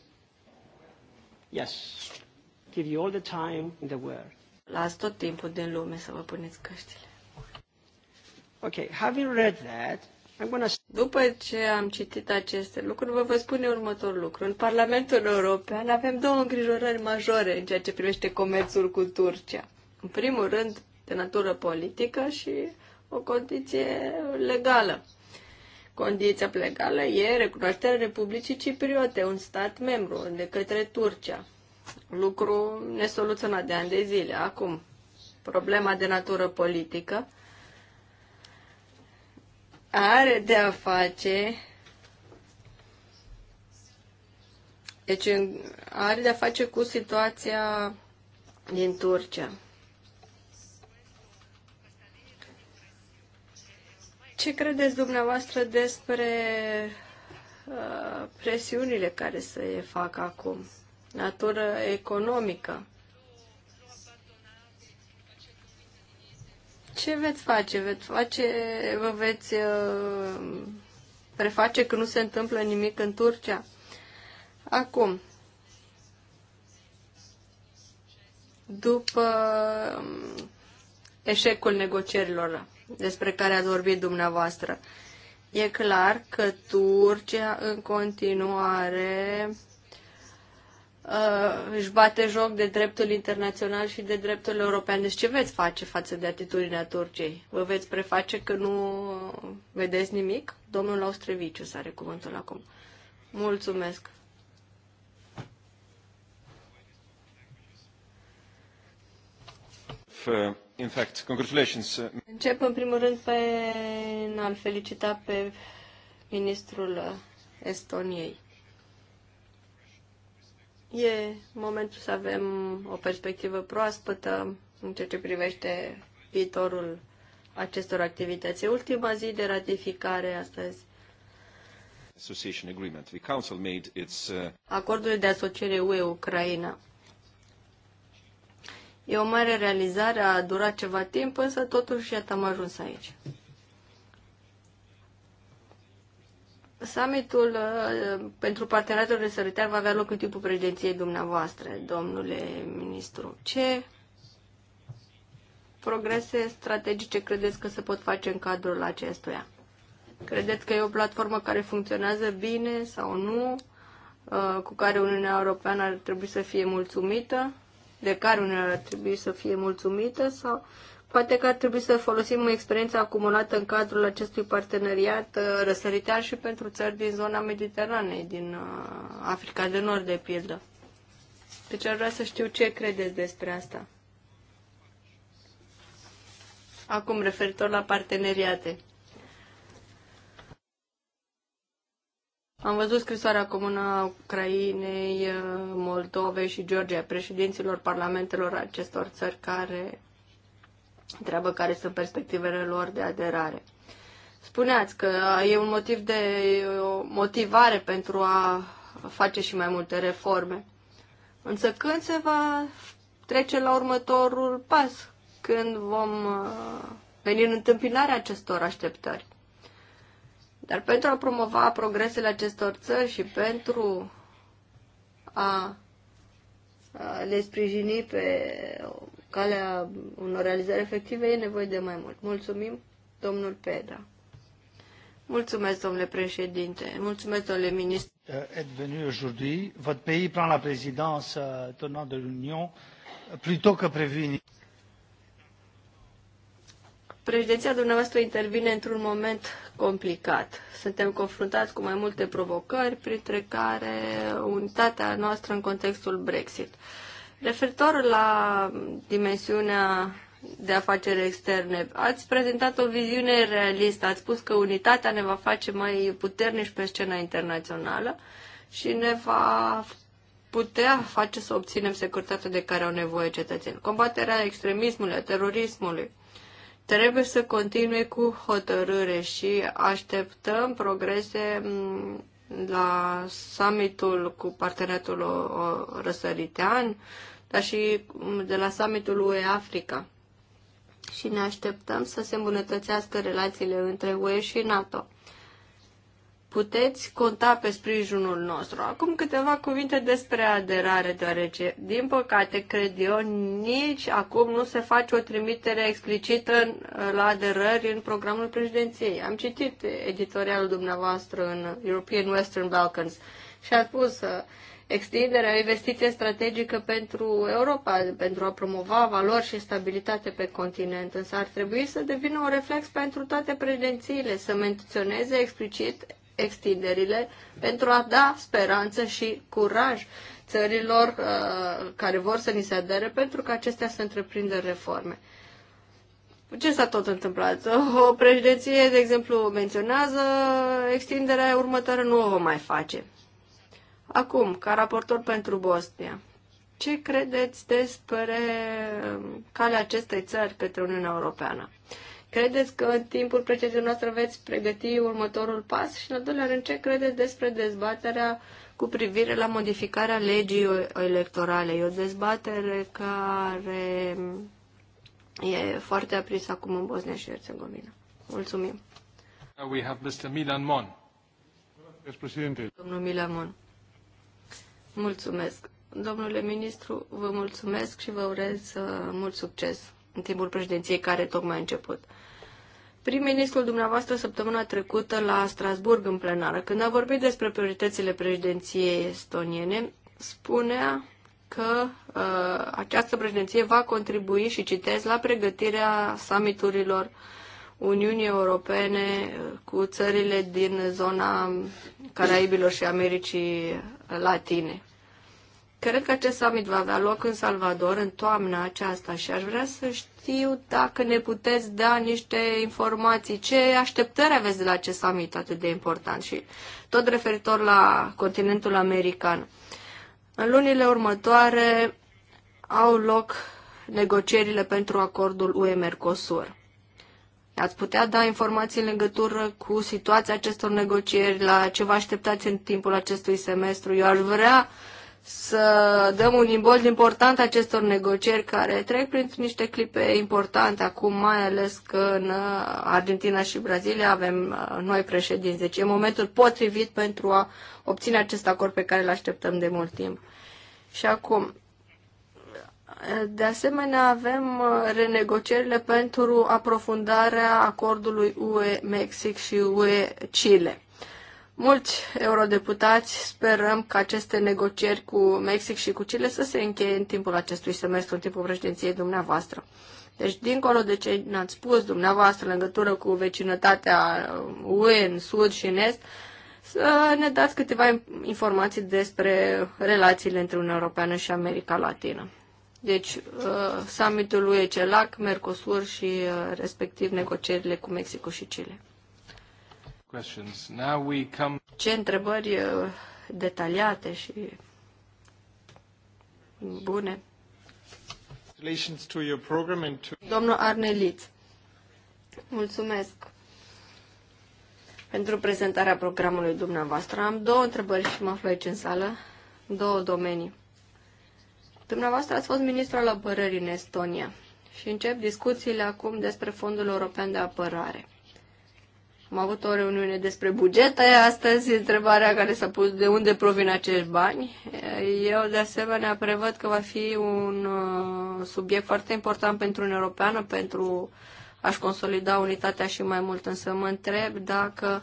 yes, give you all the time in the world. Las tot timpul din lume să vă puneți căștile. Ok, having read that, I'm gonna... După ce am citit aceste lucruri, vă voi spune următorul lucru. În Parlamentul European avem două îngrijorări majore în ceea ce privește comerțul cu Turcia. În primul rând, de natură politică și o condiție legală. Condiția legală e recunoașterea Republicii Cipriote, un stat membru, de către Turcia lucru nesoluționat de ani de zile. Acum, problema de natură politică are de a face deci are de a face cu situația din Turcia. Ce credeți dumneavoastră despre uh, presiunile care se fac acum? natură economică. Ce veți face? Veți face vă veți uh, preface că nu se întâmplă nimic în Turcia? Acum, după um, eșecul negocierilor despre care ați vorbit dumneavoastră. E clar că Turcia în continuare uh, își bate joc de dreptul internațional și de dreptul european. Deci ce veți face față de atitudinea Turciei? Vă veți preface că nu vedeți nimic? Domnul Austreviciu are cuvântul acum. Mulțumesc. Uh, in fact, congratulations. Uh, Încep în primul rând pe a-l felicita pe ministrul uh, Estoniei. E momentul să avem o perspectivă proaspătă în ceea ce privește viitorul acestor activități. ultima zi de ratificare astăzi. Association Agreement. The Council made its, uh... Acordul de asociere UE-Ucraina. E o mare realizare, a durat ceva timp, însă totuși iată am ajuns aici. Summitul uh, pentru parteneriatul răsăritar va avea loc în timpul președinției dumneavoastră, domnule ministru. Ce progrese strategice credeți că se pot face în cadrul acestuia? Credeți că e o platformă care funcționează bine sau nu, uh, cu care Uniunea Europeană ar trebui să fie mulțumită, de care Uniunea ar trebui să fie mulțumită sau Poate că ar trebui să folosim experiența acumulată în cadrul acestui parteneriat uh, răsăritar și pentru țări din zona Mediteranei, din uh, Africa de Nord, de pildă. Deci ar vrea să știu ce credeți despre asta. Acum, referitor la parteneriate. Am văzut scrisoarea comună a Ucrainei, uh, Moldovei și Georgia, președinților parlamentelor acestor țări care Întreabă care sunt perspectivele lor de aderare. Spuneați că e un motiv de o motivare pentru a face și mai multe reforme. Însă când se va trece la următorul pas? Când vom uh, veni în întâmpinarea acestor așteptări? Dar pentru a promova progresele acestor țări și pentru a le sprijini pe calea unor realizări efective e nevoie de mai mult. Mulțumim, domnul Pedra. Mulțumesc, domnule președinte. Mulțumesc, domnule ministru. Euh, êtes venu aujourd'hui. Votre pays prend la présidence euh, tournant de l'Union plutôt que prévu. Președinția dumneavoastră intervine într-un moment complicat. Suntem confruntați cu mai multe provocări, printre care unitatea noastră în contextul Brexit. Referitor la dimensiunea de afaceri externe, ați prezentat o viziune realistă, ați spus că unitatea ne va face mai puternici pe scena internațională și ne va putea face să obținem securitatea de care au nevoie cetățenii. Combaterea extremismului, a terorismului trebuie să continue cu hotărâre și așteptăm progrese mm, la summitul cu parteneriatul răsăritean, ca și de la summitul UE Africa. Și ne așteptăm să se îmbunătățească relațiile între UE și NATO. Puteți conta pe sprijinul nostru. Acum câteva cuvinte despre aderare, deoarece, din păcate, cred eu, nici acum nu se face o trimitere explicită în, la aderări în programul președinției. Am citit editorialul dumneavoastră în European Western Balkans și a spus uh, extinderea investiției strategică pentru Europa, pentru a promova valori și stabilitate pe continent. Însă ar trebui să devină un reflex pentru toate președințiile, să menționeze explicit extinderile pentru a da speranță și curaj țărilor uh, care vor să ni se adere pentru că acestea să întreprindă reforme. Ce s-a tot întâmplat? O președinție, de exemplu, menționează extinderea următoare, nu o vom mai face. Acum, ca raportor pentru Bosnia, ce credeți despre um, calea acestei țări către Uniunea Europeană? Credeți că în timpul precedenței noastre veți pregăti următorul pas? Și, în al doilea rând, ce credeți despre dezbaterea cu privire la modificarea legii electorale? E o dezbatere care um, e foarte aprinsă acum în Bosnia și Herțegovina. Mulțumim. We have Mr. Milan Mon. Domnul Milan Mon. Mulțumesc. Domnule ministru, vă mulțumesc și vă urez uh, mult succes în timpul președinției care tocmai a început. Prim-ministrul dumneavoastră săptămâna trecută la Strasburg în plenară, când a vorbit despre prioritățile președinției estoniene, spunea că uh, această președinție va contribui și citez la pregătirea summiturilor Uniunii Europene uh, cu țările din zona Caraibilor și Americii latine. Cred că acest summit va avea loc în Salvador în toamna aceasta și aș vrea să știu dacă ne puteți da niște informații, ce așteptări aveți de la acest summit atât de important și tot referitor la continentul american. În lunile următoare au loc negocierile pentru acordul UE-Mercosur. Ați putea da informații în legătură cu situația acestor negocieri, la ce vă așteptați în timpul acestui semestru? Eu aș vrea să dăm un imbold important acestor negocieri care trec prin niște clipe importante acum, mai ales că în uh, Argentina și Brazilia avem uh, noi președinți. Deci e momentul potrivit pentru a obține acest acord pe care îl așteptăm de mult timp. Și acum, de asemenea, avem uh, renegocierile pentru aprofundarea acordului UE-Mexic și UE-Chile. Mulți eurodeputați sperăm că aceste negocieri cu Mexic și cu Chile să se încheie în timpul acestui semestru, în timpul președinției dumneavoastră. Deci, dincolo de ce ne-ați spus dumneavoastră legătură cu vecinătatea uh, UE în sud și în est, să ne dați câteva informații despre relațiile între Uniunea Europeană și America Latină. Deci, uh, summitul lui CELAC, Mercosur și uh, respectiv negocierile cu Mexicul și Chile. Ce întrebări uh, detaliate și bune. Domnul Arneliț, mulțumesc pentru prezentarea programului dumneavoastră. Am două întrebări și mă aflu aici în sală, două domenii. Dumneavoastră ați fost ministru al apărării în Estonia și încep discuțiile acum despre Fondul European de Apărare. Am avut o reuniune despre buget astăzi, întrebarea care s-a pus de unde provin acești bani. Eu, de asemenea, prevăd că va fi un uh, subiect foarte important pentru Uniunea Europeană, pentru a-și consolida unitatea și mai mult, însă mă întreb dacă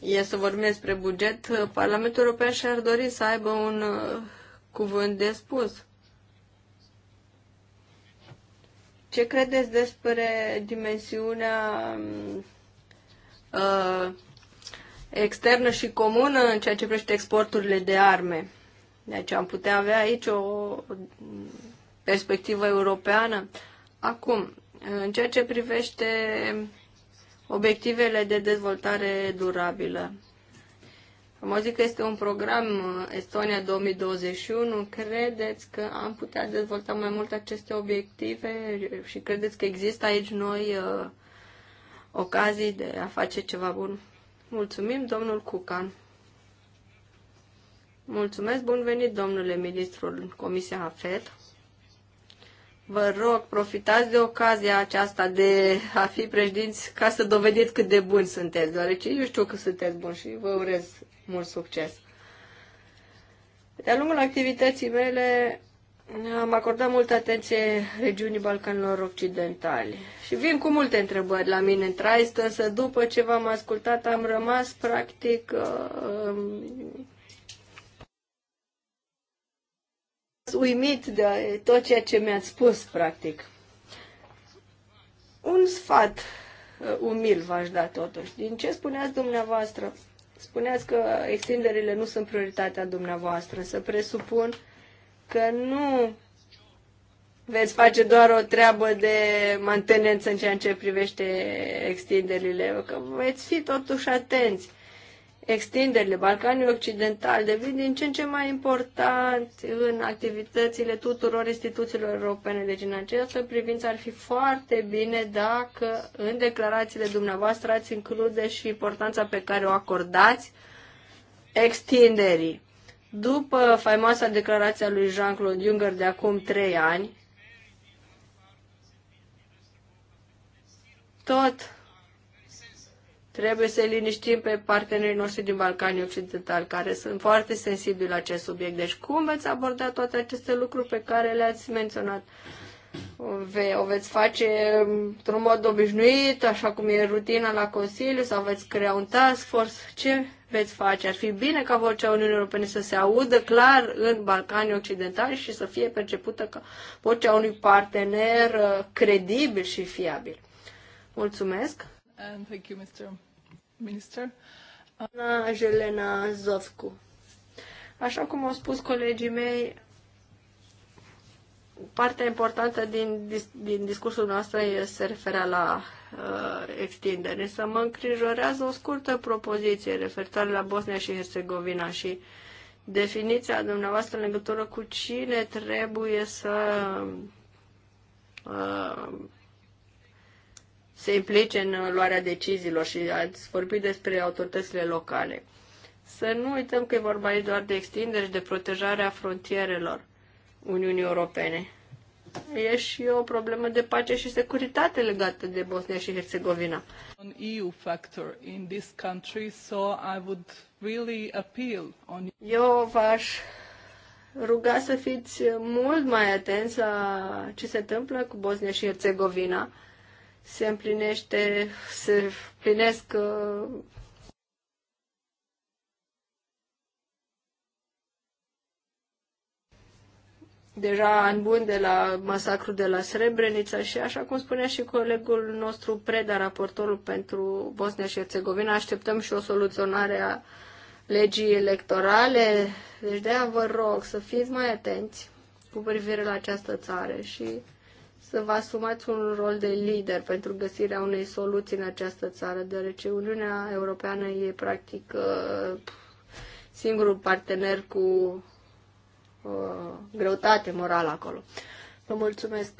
e să vorbim despre buget, Parlamentul European și-ar dori să aibă un uh, cuvânt de spus. Ce credeți despre dimensiunea um, uh, externă și comună în ceea ce privește exporturile de arme? Deci am putea avea aici o um, perspectivă europeană. Acum, în ceea ce privește obiectivele de dezvoltare durabilă. Mă zic că este un program uh, Estonia 2021. Credeți că am putea dezvolta mai mult aceste obiective și credeți că există aici noi uh, ocazii de a face ceva bun? Mulțumim, domnul Cucan. Mulțumesc, bun venit, domnule ministrul în Comisia AFET. Vă rog, profitați de ocazia aceasta de a fi președinți ca să dovediți cât de buni sunteți, deoarece eu știu că sunteți buni și vă urez mult succes. De-a lungul activității mele am acordat multă atenție regiunii Balcanilor Occidentali și vin cu multe întrebări la mine în traist, însă după ce v-am ascultat am rămas practic uh, uimit de tot ceea ce mi-ați spus, practic. Un sfat uh, umil v-aș da totuși. Din ce spuneați dumneavoastră? Spuneați că extinderile nu sunt prioritatea dumneavoastră, să presupun că nu veți face doar o treabă de mantenență în ceea ce privește extinderile, că veți fi totuși atenți extinderile Balcanului Occidental devin din ce în ce mai important în activitățile tuturor instituțiilor europene. Deci, în această privință, ar fi foarte bine dacă în declarațiile dumneavoastră ați include și importanța pe care o acordați extinderii. După faimoasa declarație a lui Jean-Claude Juncker de acum trei ani, tot Trebuie să liniștim pe partenerii noștri din Balcanii Occidentali, care sunt foarte sensibili la acest subiect. Deci cum veți aborda toate aceste lucruri pe care le-ați menționat? Ve, o veți face într-un mod obișnuit, așa cum e rutina la Consiliu, sau veți crea un task force? Ce veți face? Ar fi bine ca vocea Uniunii Europene să se audă clar în Balcanii Occidentali și să fie percepută ca vocea unui partener uh, credibil și fiabil. Mulțumesc! And thank you, Mr. Minister. Ana Jelena Zovcu. Așa cum au spus colegii mei, partea importantă din, din discursul nostru se referea la uh, extindere, să mă îngrijorează o scurtă propoziție referitoare la Bosnia și Herțegovina și definiția dumneavoastră în legătură cu cine trebuie să uh, se implice în luarea deciziilor și ați vorbit despre autoritățile locale. Să nu uităm că e vorba aici doar de extindere și de protejarea frontierelor Uniunii Europene. E și o problemă de pace și securitate legată de Bosnia și Herțegovina. Un EU factor in this country, so I would really appeal on... Eu v-aș ruga să fiți mult mai atenți la ce se întâmplă cu Bosnia și Herțegovina se împlinește, se plinesc uh, deja în bun de la masacru de la Srebrenica și așa cum spunea și colegul nostru Preda, raportorul pentru Bosnia și Herțegovina, așteptăm și o soluționare a legii electorale. Deci de vă rog să fiți mai atenți cu privire la această țară și să vă asumați un rol de lider pentru găsirea unei soluții în această țară, deoarece Uniunea Europeană e practic uh, singurul partener cu uh, greutate morală acolo. Vă mulțumesc!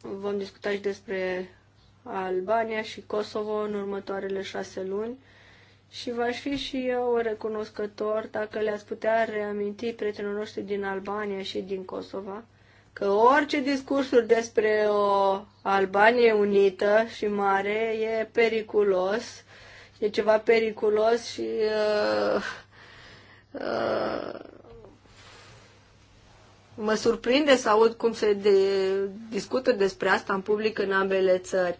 Vom discuta și despre Albania și Kosovo în următoarele șase luni și v-aș fi și eu recunoscător dacă le-ați putea reaminti prietenilor noștri din Albania și din Kosovo că orice discursuri despre o Albanie unită și mare e periculos, e ceva periculos și uh, uh, mă surprinde să aud cum se de, discută despre asta în public în ambele țări.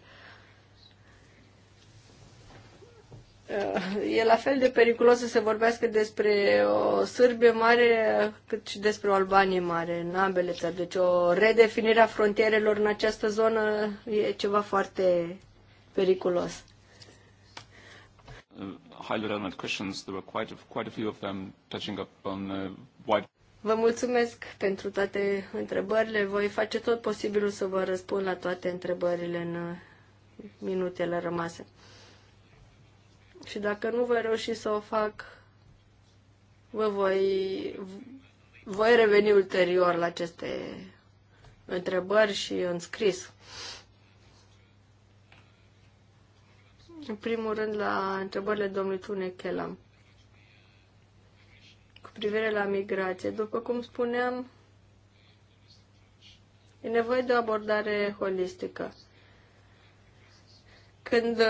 Eh, e la fel de periculos să se vorbească despre o Sârbie mare cât și despre o Albanie mare, în ambele țări. Deci o redefinire a frontierelor în această zonă e ceva foarte periculos. Um, vă mulțumesc pentru toate întrebările. Voi face tot posibilul să vă răspund la toate întrebările în minutele rămase. Și dacă nu voi reuși să o fac, vă voi, voi reveni ulterior la aceste întrebări și în scris. În primul rând, la întrebările domnului Tune Chelam. Cu privire la migrație, după cum spuneam, e nevoie de o abordare holistică. Când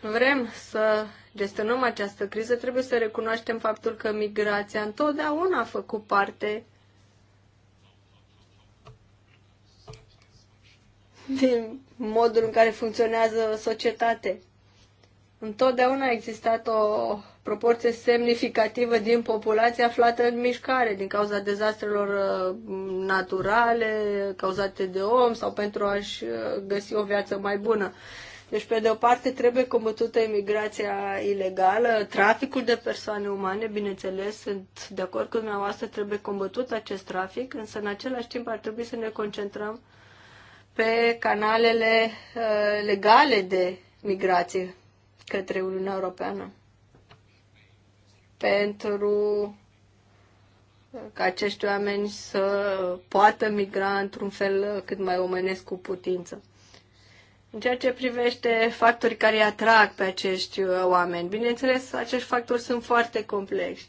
vrem să gestionăm această criză, trebuie să recunoaștem faptul că migrația întotdeauna a făcut parte din modul în care funcționează societate. Întotdeauna a existat o proporție semnificativă din populație aflată în mișcare din cauza dezastrelor uh, naturale cauzate de om sau pentru a-și uh, găsi o viață mai bună. Deci, pe de o parte, trebuie combătută imigrația ilegală, traficul de persoane umane, bineînțeles, sunt de acord cu dumneavoastră, trebuie combătut acest trafic, însă, în același timp, ar trebui să ne concentrăm pe canalele uh, legale de migrație către Uniunea Europeană. Pentru uh, ca acești oameni să poată migra într-un fel uh, cât mai omenesc cu putință. În ceea ce privește factorii care îi atrag pe acești uh, oameni, bineînțeles, acești factori sunt foarte complexi.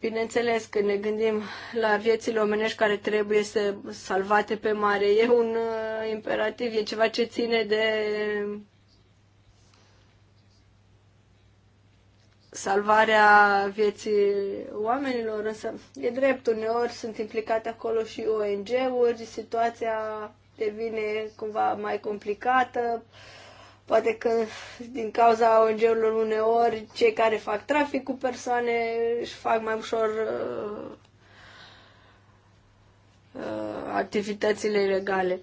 Bineînțeles, când ne gândim la viețile omenești care trebuie să salvate pe mare, e un uh, imperativ, e ceva ce ține de salvarea vieții oamenilor, însă e drept, uneori sunt implicate acolo și ONG-uri, situația devine cumva mai complicată. Poate că din cauza ONG-urilor uneori cei care fac trafic cu persoane își fac mai ușor uh, uh, activitățile ilegale.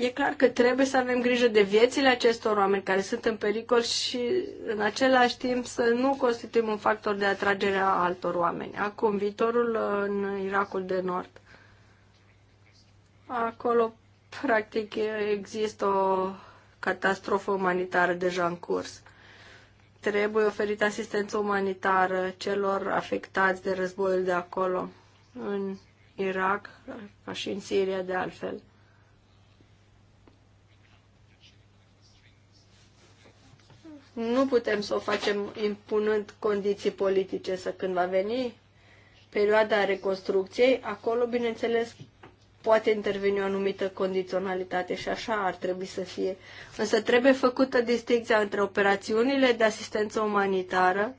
E clar că trebuie să avem grijă de viețile acestor oameni care sunt în pericol și în același timp să nu constituim un factor de atragere a altor oameni. Acum, viitorul în Irakul de Nord. Acolo, practic, există o catastrofă umanitară deja în curs. Trebuie oferită asistență umanitară celor afectați de războiul de acolo, în Irak, ca și în Siria de altfel. Nu putem să o facem impunând condiții politice să când va veni perioada reconstrucției, acolo, bineînțeles, poate interveni o anumită condiționalitate și așa ar trebui să fie. Însă trebuie făcută distinția între operațiunile de asistență umanitară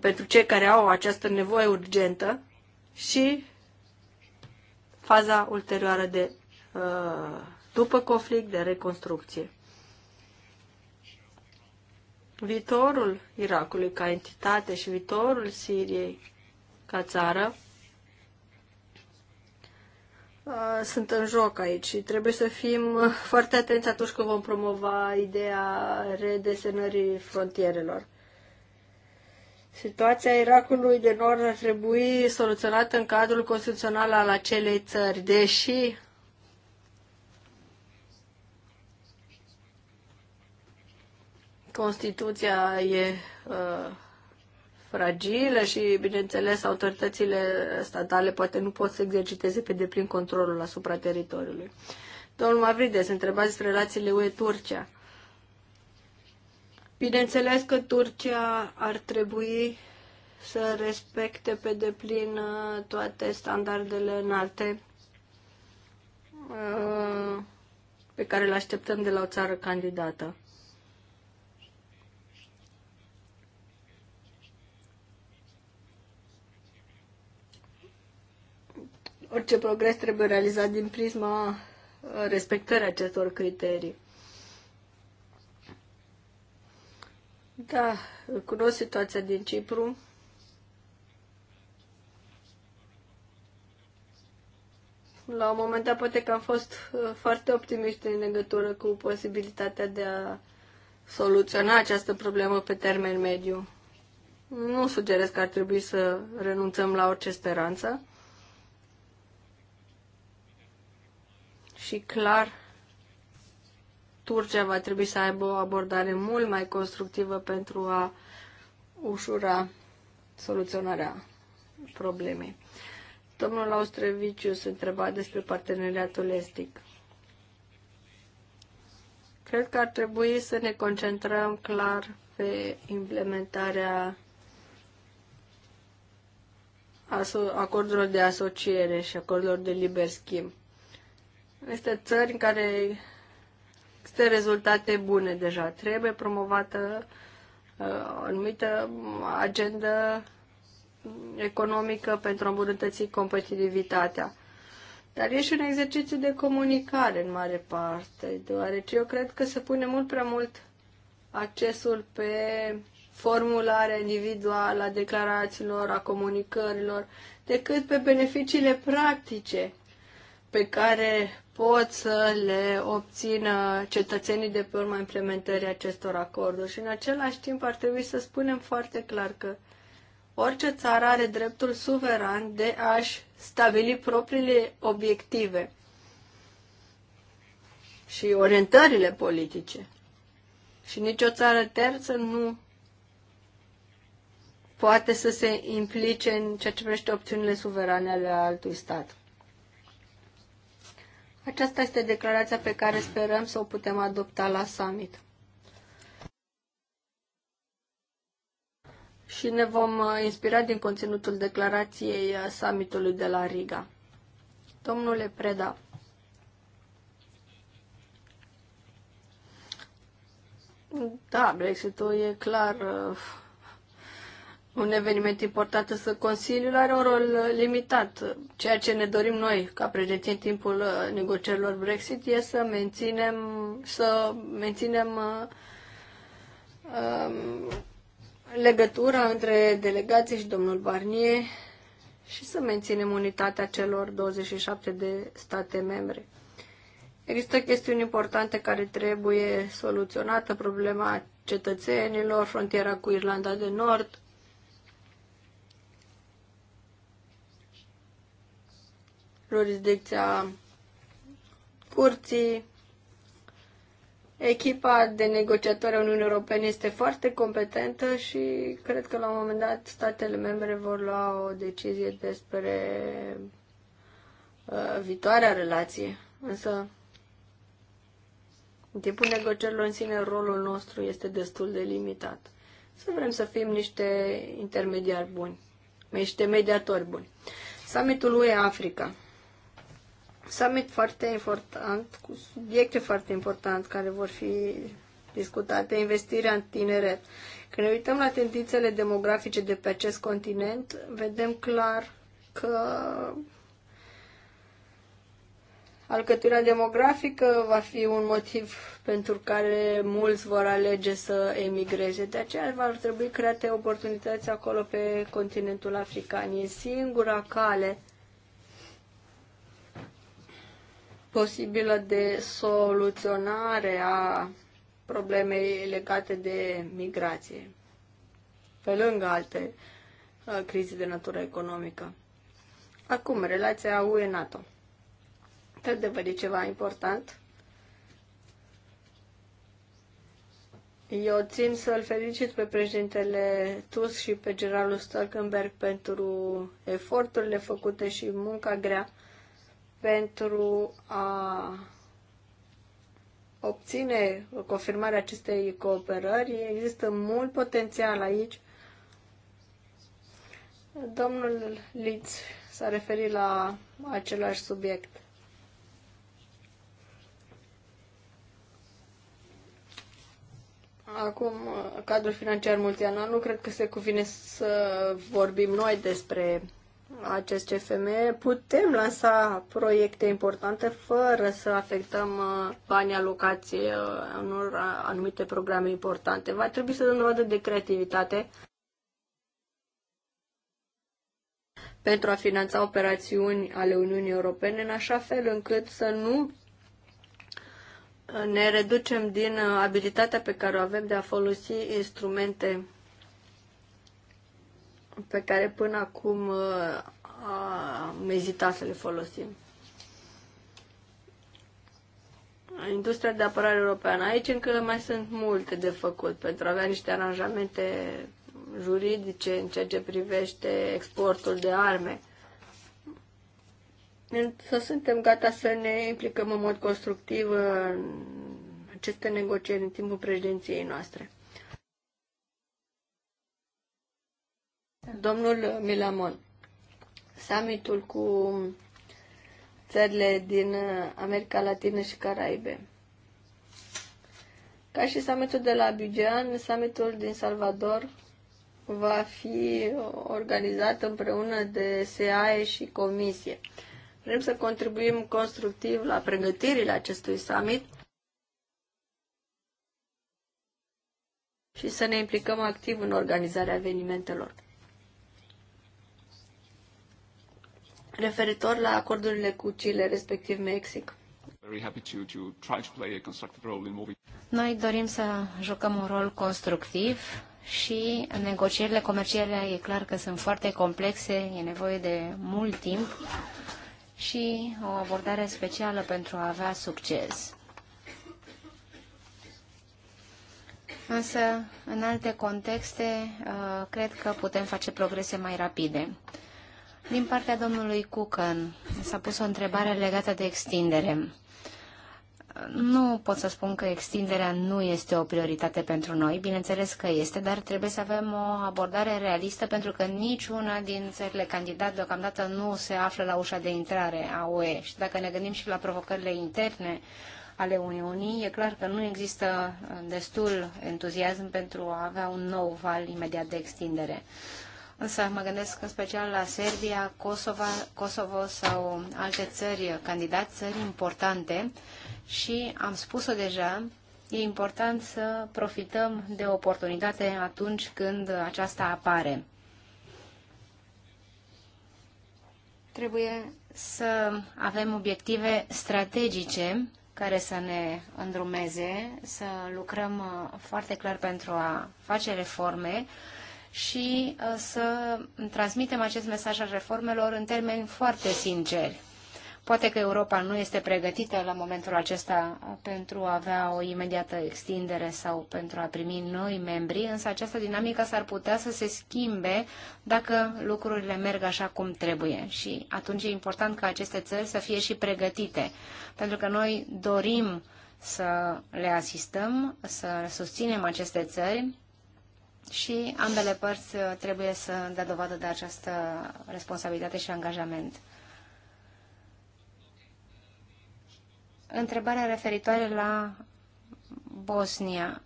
pentru cei care au această nevoie urgentă și faza ulterioară de uh, după conflict de reconstrucție viitorul Irakului ca entitate și viitorul Siriei ca țară uh, sunt în joc aici și trebuie să fim uh, foarte atenți atunci când vom promova ideea redesenării frontierelor. Situația Irakului de Nord ar trebui soluționată în cadrul constituțional al acelei țări, deși Constituția e uh, fragilă și, bineînțeles, autoritățile statale poate nu pot să exerciteze pe deplin controlul asupra teritoriului. Domnul Mavrides, întrebați despre relațiile UE-Turcia. Bineînțeles că Turcia ar trebui să respecte pe deplin uh, toate standardele înalte uh, pe care le așteptăm de la o țară candidată. orice progres trebuie realizat din prisma uh, respectării acestor criterii. Da, cunosc situația din Cipru. La un moment dat poate că am fost uh, foarte optimiști în legătură cu posibilitatea de a soluționa această problemă pe termen mediu. Nu sugerez că ar trebui să renunțăm la orice speranță. și clar Turcia va trebui să aibă o abordare mult mai constructivă pentru a ușura soluționarea problemei. Domnul Austreviciu se întreba despre parteneriatul estic. Cred că ar trebui să ne concentrăm clar pe implementarea acordurilor de asociere și acordurilor de liber schimb. Este țări în care există rezultate bune deja. Trebuie promovată uh, o anumită agendă economică pentru a îmbunătăți competitivitatea. Dar e și un exercițiu de comunicare în mare parte, deoarece eu cred că se pune mult prea mult accesul pe formularea individuală a declarațiilor, a comunicărilor, decât pe beneficiile practice pe care pot să le obțină cetățenii de pe urma implementării acestor acorduri. Și în același timp ar trebui să spunem foarte clar că orice țară are dreptul suveran de a-și stabili propriile obiective și orientările politice. Și nicio țară terță nu poate să se implice în ceea ce privește opțiunile suverane ale altui stat. Aceasta este declarația pe care sperăm să o putem adopta la summit. Și ne vom uh, inspira din conținutul declarației uh, summitului de la Riga. Domnule Preda, da, Brexit-ul e clar uh, un eveniment important, însă Consiliul are un rol limitat. Ceea ce ne dorim noi ca președinție în timpul uh, negocierilor Brexit e să menținem, să menținem uh, um, legătura între delegații și domnul Barnier și să menținem unitatea celor 27 de state membre. Există chestiuni importante care trebuie soluționată, problema cetățenilor, frontiera cu Irlanda de Nord, jurisdicția curții. Echipa de negociatori a Uniunii Europene este foarte competentă și cred că la un moment dat statele membre vor lua o decizie despre uh, viitoarea relație. Însă, în timpul negocierilor în sine, rolul nostru este destul de limitat. Să vrem să fim niște intermediari buni, niște mediatori buni. Summitul UE Africa summit foarte important, cu subiecte foarte importante care vor fi discutate, investirea în tineret. Când ne uităm la tendințele demografice de pe acest continent, vedem clar că alcătuirea demografică va fi un motiv pentru care mulți vor alege să emigreze. De aceea va trebui create oportunități acolo pe continentul african. E singura cale posibilă de soluționare a problemei legate de migrație, pe lângă alte uh, crize de natură economică. Acum, relația UE-NATO. Într-adevăr, e ceva important. Eu țin să-l felicit pe președintele Tusk și pe generalul Stoltenberg pentru eforturile făcute și munca grea pentru a obține confirmarea acestei cooperări. Există mult potențial aici. Domnul Liț s-a referit la același subiect. Acum, cadrul financiar multianual, nu cred că se cuvine să vorbim noi despre acest CFM, putem lansa proiecte importante fără să afectăm uh, banii alocați în uh, uh, anumite programe importante. Va trebui să dăm dovadă de creativitate pentru a finanța operațiuni ale Uniunii Europene în așa fel încât să nu ne reducem din abilitatea pe care o avem de a folosi instrumente pe care până acum uh, am ezitat să le folosim. Industria de apărare europeană. Aici încă mai sunt multe de făcut pentru a avea niște aranjamente juridice în ceea ce privește exportul de arme. Să suntem gata să ne implicăm în mod constructiv în aceste negocieri în timpul președinției noastre. Domnul Milamon, summitul cu țările din America Latină și Caraibe. Ca și summitul de la Abidjan, summitul din Salvador va fi organizat împreună de SEAE și Comisie. Vrem să contribuim constructiv la pregătirile acestui summit și să ne implicăm activ în organizarea evenimentelor. referitor la acordurile cu Chile, respectiv Mexic. Noi dorim să jucăm un rol constructiv și negocierile comerciale e clar că sunt foarte complexe, e nevoie de mult timp și o abordare specială pentru a avea succes. Însă, în alte contexte, uh, cred că putem face progrese mai rapide. Din partea domnului Cucan s-a pus o întrebare legată de extindere. Nu pot să spun că extinderea nu este o prioritate pentru noi, bineînțeles că este, dar trebuie să avem o abordare realistă pentru că niciuna din țările candidate deocamdată nu se află la ușa de intrare a UE. Și dacă ne gândim și la provocările interne ale Uniunii, e clar că nu există destul entuziasm pentru a avea un nou val imediat de extindere. Însă mă gândesc în special la Serbia, Kosova, Kosovo sau alte țări candidați, țări importante și am spus-o deja, e important să profităm de oportunitate atunci când aceasta apare. Trebuie să avem obiective strategice care să ne îndrumeze, să lucrăm uh, foarte clar pentru a face reforme, și uh, să transmitem acest mesaj al reformelor în termeni foarte sinceri. Poate că Europa nu este pregătită la momentul acesta uh, pentru a avea o imediată extindere sau pentru a primi noi membri, însă această dinamică s-ar putea să se schimbe dacă lucrurile merg așa cum trebuie. Și atunci e important ca aceste țări să fie și pregătite, pentru că noi dorim să le asistăm, să susținem aceste țări, și ambele părți uh, trebuie să dea dovadă de această responsabilitate și angajament. Întrebarea referitoare la Bosnia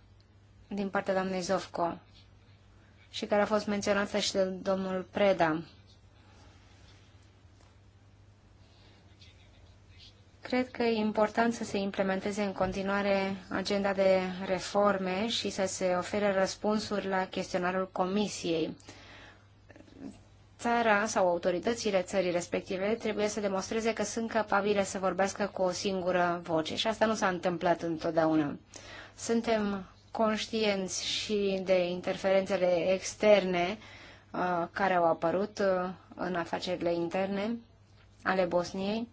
din partea doamnei Zovco și care a fost menționată și de domnul Preda. cred că e important să se implementeze în continuare agenda de reforme și să se ofere răspunsuri la chestionarul Comisiei. Țara sau autoritățile țării respective trebuie să demonstreze că sunt capabile să vorbească cu o singură voce și asta nu s-a întâmplat întotdeauna. Suntem conștienți și de interferențele externe uh, care au apărut uh, în afacerile interne ale Bosniei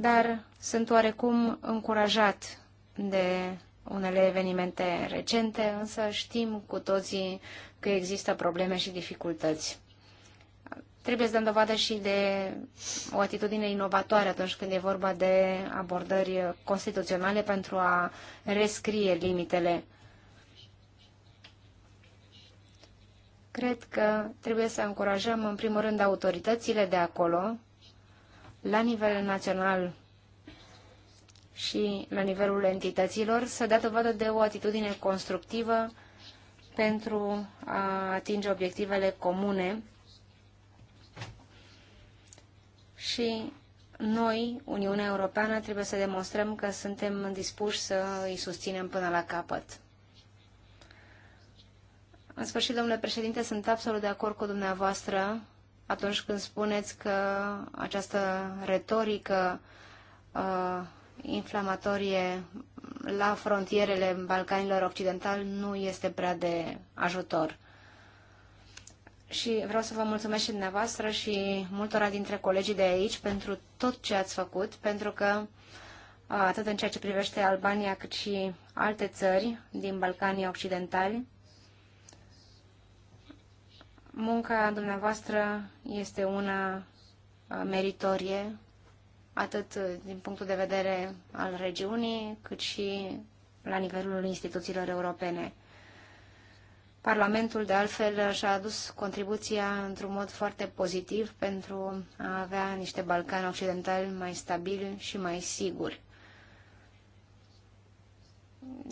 dar sunt oarecum încurajat de unele evenimente recente, însă știm cu toții că există probleme și dificultăți. Trebuie să dăm dovadă și de o atitudine inovatoare atunci când e vorba de abordări constituționale pentru a rescrie limitele. Cred că trebuie să încurajăm în primul rând autoritățile de acolo la nivel național și la nivelul entităților să dea dovadă de o atitudine constructivă pentru a atinge obiectivele comune și noi, Uniunea Europeană, trebuie să demonstrăm că suntem dispuși să îi susținem până la capăt. În sfârșit, domnule președinte, sunt absolut de acord cu dumneavoastră atunci când spuneți că această retorică uh, inflamatorie la frontierele Balcanilor Occidentali nu este prea de ajutor. Și vreau să vă mulțumesc și dumneavoastră și multora dintre colegii de aici pentru tot ce ați făcut, pentru că uh, atât în ceea ce privește Albania cât și alte țări din Balcanii Occidentali, Munca dumneavoastră este una uh, meritorie, atât uh, din punctul de vedere al regiunii, cât și la nivelul instituțiilor europene. Parlamentul, de altfel, și-a adus contribuția într-un mod foarte pozitiv pentru a avea niște Balcani occidentali mai stabili și mai siguri.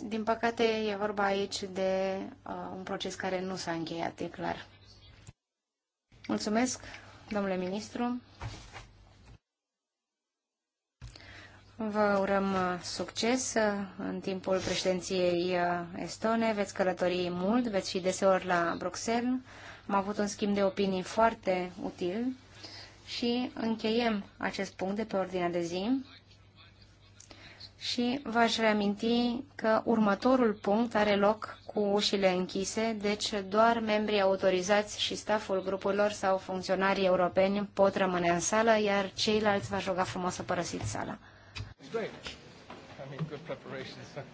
Din păcate, e vorba aici de uh, un proces care nu s-a încheiat, e clar. Mulțumesc, domnule ministru. Vă urăm uh, succes uh, în timpul președinției uh, estone. Veți călători mult, veți fi deseori la Bruxelles. Am avut un schimb de opinii foarte util și încheiem acest punct de pe ordinea de zi. Și v-aș reaminti că următorul punct are loc cu ușile închise, deci doar membrii autorizați și staful grupurilor sau funcționarii europeni pot rămâne în sală, iar ceilalți va ruga frumos să părăsiți sala.